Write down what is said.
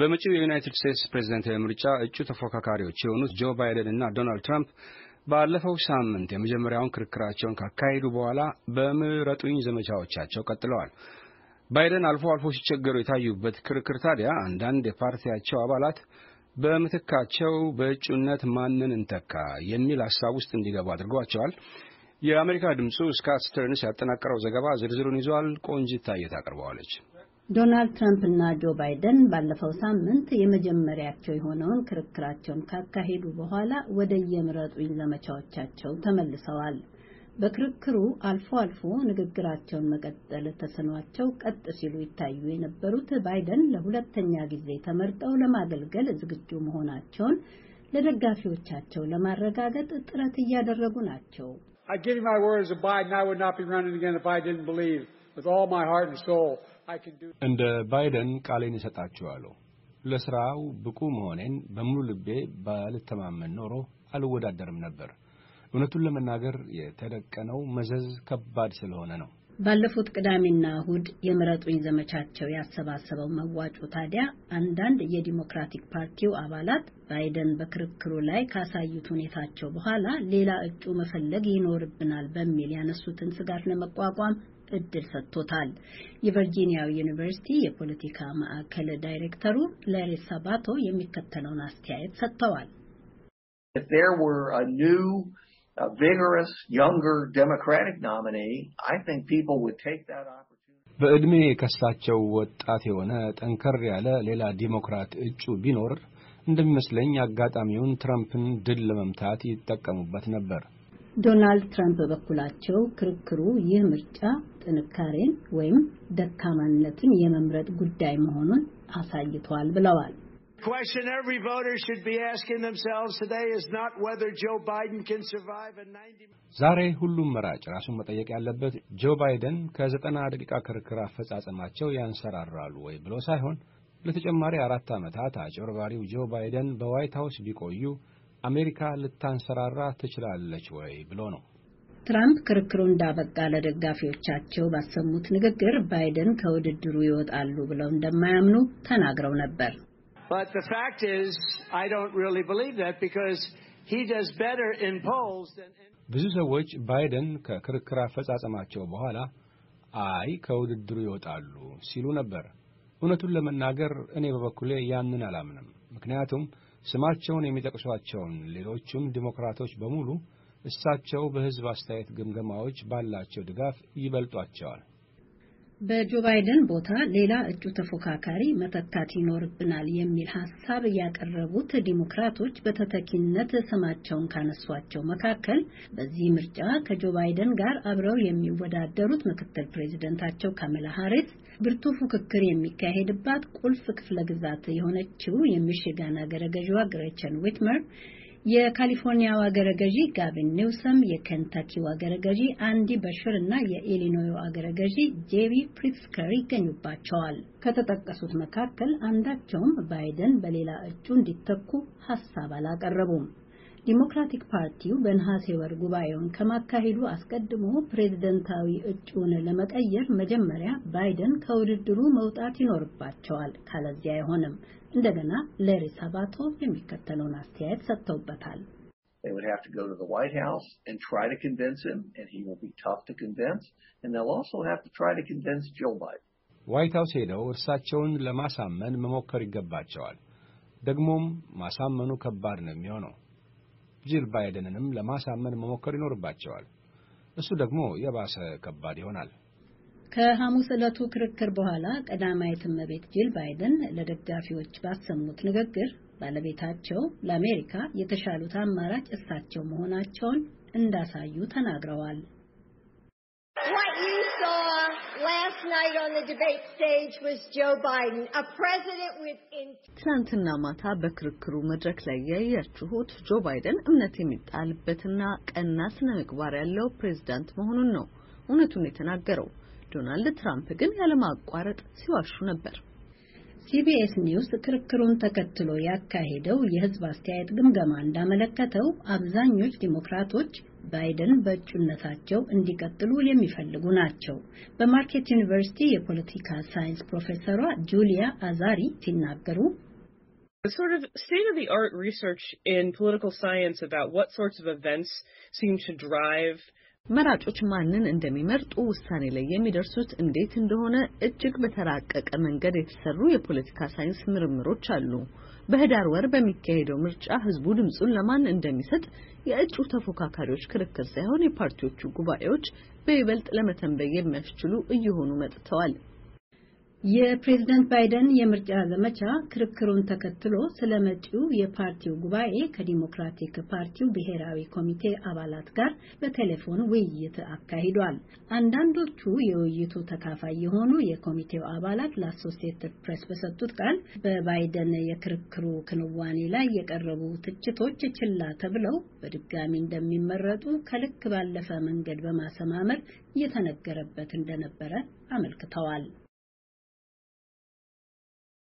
በመጪው የዩናይትድ ስቴትስ ፕሬዝደንታዊ ምርጫ እጩ ተፎካካሪዎች የሆኑት ጆ ባይደን እና ዶናልድ ትራምፕ ባለፈው ሳምንት የመጀመሪያውን ክርክራቸውን ካካሄዱ በኋላ በምረጡኝ ዘመቻዎቻቸው ቀጥለዋል። ባይደን አልፎ አልፎ ሲቸገሩ የታዩበት ክርክር ታዲያ አንዳንድ የፓርቲያቸው አባላት በምትካቸው በእጩነት ማንን እንተካ የሚል ሀሳብ ውስጥ እንዲገቡ አድርጓቸዋል። የአሜሪካ ድምፁ ስካት ስተርንስ ያጠናቀረው ዘገባ ዝርዝሩን ይዟል። ቆንጂት ታየት አቅርበዋለች። ዶናልድ ትራምፕ እና ጆ ባይደን ባለፈው ሳምንት የመጀመሪያቸው የሆነውን ክርክራቸውን ካካሄዱ በኋላ ወደ የምረጡኝ ዘመቻዎቻቸው ተመልሰዋል። በክርክሩ አልፎ አልፎ ንግግራቸውን መቀጠል ተስኗቸው ቀጥ ሲሉ ይታዩ የነበሩት ባይደን ለሁለተኛ ጊዜ ተመርጠው ለማገልገል ዝግጁ መሆናቸውን ለደጋፊዎቻቸው ለማረጋገጥ ጥረት እያደረጉ ናቸው። I give you my words of Biden. I would not be running again if I didn't believe with all my heart and soul. እንደ ባይደን ቃሌን እሰጣችኋለሁ ለስራው ብቁ መሆኔን በሙሉ ልቤ ባልተማመን ኖሮ አልወዳደርም ነበር። እውነቱን ለመናገር የተደቀነው መዘዝ ከባድ ስለሆነ ነው። ባለፉት ቅዳሜና እሁድ የምረጡኝ ዘመቻቸው ያሰባሰበው መዋጮ ታዲያ አንዳንድ የዲሞክራቲክ ፓርቲው አባላት ባይደን በክርክሩ ላይ ካሳዩት ሁኔታቸው በኋላ ሌላ እጩ መፈለግ ይኖርብናል በሚል ያነሱትን ስጋት ለመቋቋም እድል ሰጥቶታል። የቨርጂኒያው ዩኒቨርሲቲ የፖለቲካ ማዕከል ዳይሬክተሩ ላሪ ሳባቶ የሚከተለውን አስተያየት ሰጥተዋል። uh, በዕድሜ የከሳቸው ወጣት የሆነ ጠንከር ያለ ሌላ ዲሞክራት እጩ ቢኖር እንደሚመስለኝ አጋጣሚውን ትራምፕን ድል ለመምታት ይጠቀሙበት ነበር። ዶናልድ ትራምፕ በበኩላቸው ክርክሩ ይህ ምርጫ ጥንካሬን ወይም ደካማነትን የመምረጥ ጉዳይ መሆኑን አሳይቷል ብለዋል። ዛሬ ሁሉም መራጭ ራሱን መጠየቅ ያለበት ጆ ባይደን ከዘጠና ደቂቃ ክርክር አፈጻጸማቸው ያንሰራራሉ ወይ ብሎ ሳይሆን ለተጨማሪ አራት ዓመታት አጭበርባሪው ጆ ባይደን በዋይት ሀውስ ቢቆዩ አሜሪካ ልታንሰራራ ትችላለች ወይ ብሎ ነው። ትራምፕ ክርክሩ እንዳበቃ ለደጋፊዎቻቸው ባሰሙት ንግግር ባይደን ከውድድሩ ይወጣሉ ብለው እንደማያምኑ ተናግረው ነበር። ብዙ ሰዎች ባይደን ከክርክር አፈጻጸማቸው በኋላ አይ ከውድድሩ ይወጣሉ ሲሉ ነበር። እውነቱን ለመናገር እኔ በበኩሌ ያንን አላምንም። ምክንያቱም ስማቸውን የሚጠቅሷቸውን ሌሎቹም ዲሞክራቶች በሙሉ እሳቸው በሕዝብ አስተያየት ግምገማዎች ባላቸው ድጋፍ ይበልጧቸዋል። በጆ ባይደን ቦታ ሌላ እጩ ተፎካካሪ መተካት ይኖርብናል የሚል ሀሳብ ያቀረቡት ዲሞክራቶች በተተኪነት ስማቸውን ካነሷቸው መካከል በዚህ ምርጫ ከጆ ባይደን ጋር አብረው የሚወዳደሩት ምክትል ፕሬዚደንታቸው ካመላ ሀሪስ ብርቱ ፉክክር የሚካሄድባት ቁልፍ ክፍለ ግዛት የሆነችው የሚሽጋን አገረ ገዥዋ ግሬቸን ዊትመር የካሊፎርኒያ አገረ ገዢ ጋቪን ኒውሰም፣ የኬንታኪው አገረ ገዢ አንዲ በሽር እና የኢሊኖዩ አገረ ገዢ ጄቢ ፕሪትስከር ይገኙባቸዋል። ከተጠቀሱት መካከል አንዳቸውም ባይደን በሌላ እጩ እንዲተኩ ሀሳብ አላቀረቡም። ዲሞክራቲክ ፓርቲው በነሐሴ ወር ጉባኤውን ከማካሄዱ አስቀድሞ ፕሬዝደንታዊ እጩውን ለመቀየር መጀመሪያ ባይደን ከውድድሩ መውጣት ይኖርባቸዋል። ካለዚያ አይሆንም። እንደገና ሌሪ ሳባቶ የሚከተለውን አስተያየት ሰጥተውበታል። ዋይት ሀውስ ሄደው እርሳቸውን ለማሳመን መሞከር ይገባቸዋል። ደግሞም ማሳመኑ ከባድ ነው የሚሆነው ጂል ባይደንንም ለማሳመን መሞከር ይኖርባቸዋል። እሱ ደግሞ የባሰ ከባድ ይሆናል። ከሐሙስ ዕለቱ ክርክር በኋላ ቀዳማዊት እመቤት ጂል ባይደን ለደጋፊዎች ባሰሙት ንግግር ባለቤታቸው ለአሜሪካ የተሻሉት አማራጭ እሳቸው መሆናቸውን እንዳሳዩ ተናግረዋል። ትናንትና ማታ በክርክሩ መድረክ ላይ ያያችሁት ጆ ባይደን እምነት የሚጣልበትና ቀና ስነ ምግባር ያለው ፕሬዚዳንት መሆኑን ነው እውነቱን የተናገረው። ዶናልድ ትራምፕ ግን ያለማቋረጥ ሲዋሹ ነበር። ሲቢኤስ ኒውስ ክርክሩን ተከትሎ ያካሄደው የሕዝብ አስተያየት ግምገማ እንዳመለከተው አብዛኞች ዲሞክራቶች ባይደን በእጩነታቸው እንዲቀጥሉ የሚፈልጉ ናቸው። በማርኬት ዩኒቨርሲቲ የፖለቲካ ሳይንስ ፕሮፌሰሯ ጁሊያ አዛሪ ሲናገሩ ስቴት of state of the art research in political መራጮች ማንን እንደሚመርጡ ውሳኔ ላይ የሚደርሱት እንዴት እንደሆነ እጅግ በተራቀቀ መንገድ የተሰሩ የፖለቲካ ሳይንስ ምርምሮች አሉ። በህዳር ወር በሚካሄደው ምርጫ ህዝቡ ድምፁን ለማን እንደሚሰጥ የእጩ ተፎካካሪዎች ክርክር ሳይሆን የፓርቲዎቹ ጉባኤዎች በይበልጥ ለመተንበይ የሚያስችሉ እየሆኑ መጥተዋል። የፕሬዝደንት ባይደን የምርጫ ዘመቻ ክርክሩን ተከትሎ ስለ መጪው የፓርቲው ጉባኤ ከዲሞክራቲክ ፓርቲው ብሔራዊ ኮሚቴ አባላት ጋር በቴሌፎን ውይይት አካሂዷል። አንዳንዶቹ የውይይቱ ተካፋይ የሆኑ የኮሚቴው አባላት ለአሶሲየትድ ፕሬስ በሰጡት ቃል በባይደን የክርክሩ ክንዋኔ ላይ የቀረቡ ትችቶች ችላ ተብለው በድጋሚ እንደሚመረጡ ከልክ ባለፈ መንገድ በማሰማመር እየተነገረበት እንደነበረ አመልክተዋል።